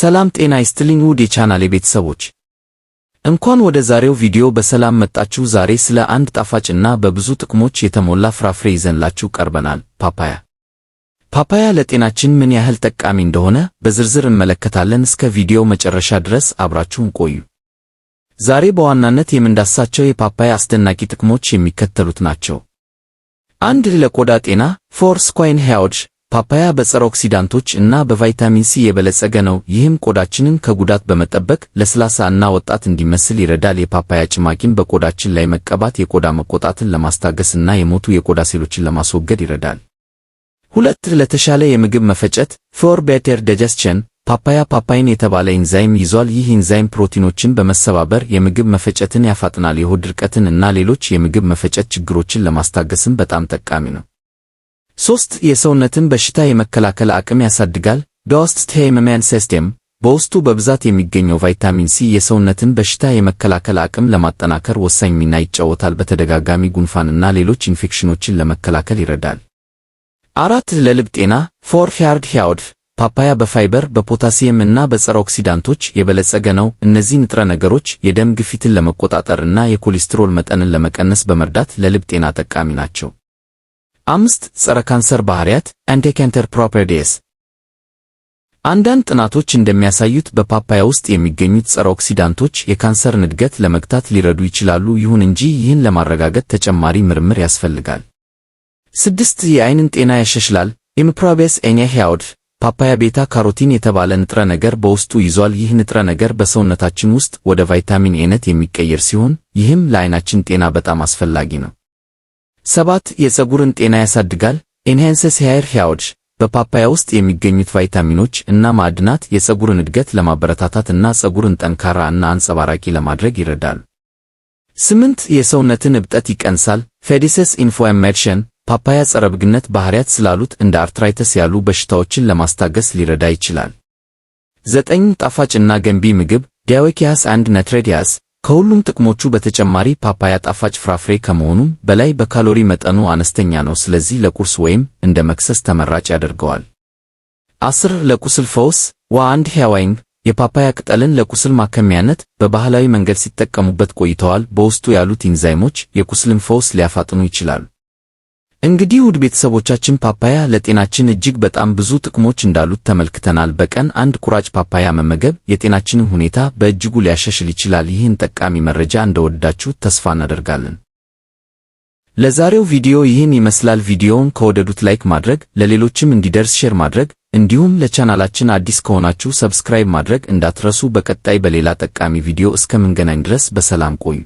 ሰላም ጤና ይስጥልኝ ውድ የቻናሌ ቤተሰቦች እንኳን ወደ ዛሬው ቪዲዮ በሰላም መጣችሁ። ዛሬ ስለ አንድ ጣፋጭና በብዙ ጥቅሞች የተሞላ ፍራፍሬ ይዘንላችሁ ቀርበናል፣ ፓፓያ። ፓፓያ ለጤናችን ምን ያህል ጠቃሚ እንደሆነ በዝርዝር እንመለከታለን። እስከ ቪዲዮው መጨረሻ ድረስ አብራችሁን ቆዩ። ዛሬ በዋናነት የምንዳሳቸው የፓፓያ አስደናቂ ጥቅሞች የሚከተሉት ናቸው። አንድ ለቆዳ ጤና ፎር ስኳይን ሄያውድ ፓፓያ በጸረ ኦክሲዳንቶች እና በቫይታሚን ሲ የበለጸገ ነው፣ ይህም ቆዳችንን ከጉዳት በመጠበቅ ለስላሳ እና ወጣት እንዲመስል ይረዳል። የፓፓያ ጭማቂን በቆዳችን ላይ መቀባት የቆዳ መቆጣትን ለማስታገስ እና የሞቱ የቆዳ ሴሎችን ለማስወገድ ይረዳል። ሁለት ለተሻለ የምግብ መፈጨት ፎር ቤተር ዳይጀስሽን ፓፓያ ፓፓይን የተባለ ኢንዛይም ይዟል። ይህ ኢንዛይም ፕሮቲኖችን በመሰባበር የምግብ መፈጨትን ያፋጥናል። የሆድ ድርቀትን እና ሌሎች የምግብ መፈጨት ችግሮችን ለማስታገስም በጣም ጠቃሚ ነው። ሶስት የሰውነትን በሽታ የመከላከል አቅም ያሳድጋል። ዶስት ሄመማን ሲስተም በውስጡ በብዛት የሚገኘው ቫይታሚን ሲ የሰውነትን በሽታ የመከላከል አቅም ለማጠናከር ወሳኝ ሚና ይጫወታል። በተደጋጋሚ ጉንፋንና ሌሎች ኢንፌክሽኖችን ለመከላከል ይረዳል። አራት ለልብ ጤና ፎር ሄርድ ሄውድ ፓፓያ በፋይበር በፖታሲየም እና በጸረ ኦክሲዳንቶች የበለጸገ ነው። እነዚህ ንጥረ ነገሮች የደም ግፊትን ለመቆጣጠር እና የኮሌስትሮል መጠንን ለመቀነስ በመርዳት ለልብ ጤና ጠቃሚ ናቸው። አምስት ጸረ ካንሰር ባህሪያት አንቲካንሰር ፕሮፐርቲስ አንዳንድ ጥናቶች እንደሚያሳዩት በፓፓያ ውስጥ የሚገኙት ጸረ ኦክሲዳንቶች የካንሰርን እድገት ለመግታት ሊረዱ ይችላሉ። ይሁን እንጂ ይህን ለማረጋገጥ ተጨማሪ ምርምር ያስፈልጋል። ስድስት የአይንን ጤና ያሻሽላል። የምፕሮቢየስ ኤኛ ሂያውድ ፓፓያ ቤታ ካሮቲን የተባለ ንጥረ ነገር በውስጡ ይዟል። ይህ ንጥረ ነገር በሰውነታችን ውስጥ ወደ ቫይታሚን ኤነት የሚቀየር ሲሆን ይህም ለአይናችን ጤና በጣም አስፈላጊ ነው። ሰባት የፀጉርን ጤና ያሳድጋል። ኤንሃንሰስ ሄር ሄልዝ በፓፓያ ውስጥ የሚገኙት ቫይታሚኖች እና ማዕድናት የፀጉርን እድገት ለማበረታታት እና ፀጉርን ጠንካራ እና አንጸባራቂ ለማድረግ ይረዳል። ስምንት የሰውነትን እብጠት ይቀንሳል። ፌዲሰስ ኢንፎርሜሽን ፓፓያ ጸረ ብግነት ባህሪያት ስላሉት እንደ አርትራይተስ ያሉ በሽታዎችን ለማስታገስ ሊረዳ ይችላል። ዘጠኝ ጣፋጭ እና ገንቢ ምግብ ዳዌኪያስ አንድ ነትሬዲያስ ከሁሉም ጥቅሞቹ በተጨማሪ ፓፓያ ጣፋጭ ፍራፍሬ ከመሆኑም በላይ በካሎሪ መጠኑ አነስተኛ ነው። ስለዚህ ለቁርስ ወይም እንደ መክሰስ ተመራጭ ያደርገዋል። አስር ለቁስል ፈውስ ወአንድ ሕያዋይን የፓፓያ ቅጠልን ለቁስል ማከሚያነት በባህላዊ መንገድ ሲጠቀሙበት ቆይተዋል። በውስጡ ያሉት ኢንዛይሞች የቁስልን ፈውስ ሊያፋጥኑ ይችላሉ። እንግዲህ ውድ ቤተሰቦቻችን ፓፓያ ለጤናችን እጅግ በጣም ብዙ ጥቅሞች እንዳሉት ተመልክተናል። በቀን አንድ ቁራጭ ፓፓያ መመገብ የጤናችንን ሁኔታ በእጅጉ ሊያሻሽል ይችላል። ይህን ጠቃሚ መረጃ እንደወደዳችሁ ተስፋ እናደርጋለን። ለዛሬው ቪዲዮ ይህን ይመስላል። ቪዲዮውን ከወደዱት ላይክ ማድረግ፣ ለሌሎችም እንዲደርስ ሼር ማድረግ እንዲሁም ለቻናላችን አዲስ ከሆናችሁ ሰብስክራይብ ማድረግ እንዳትረሱ። በቀጣይ በሌላ ጠቃሚ ቪዲዮ እስከምንገናኝ ድረስ በሰላም ቆዩ።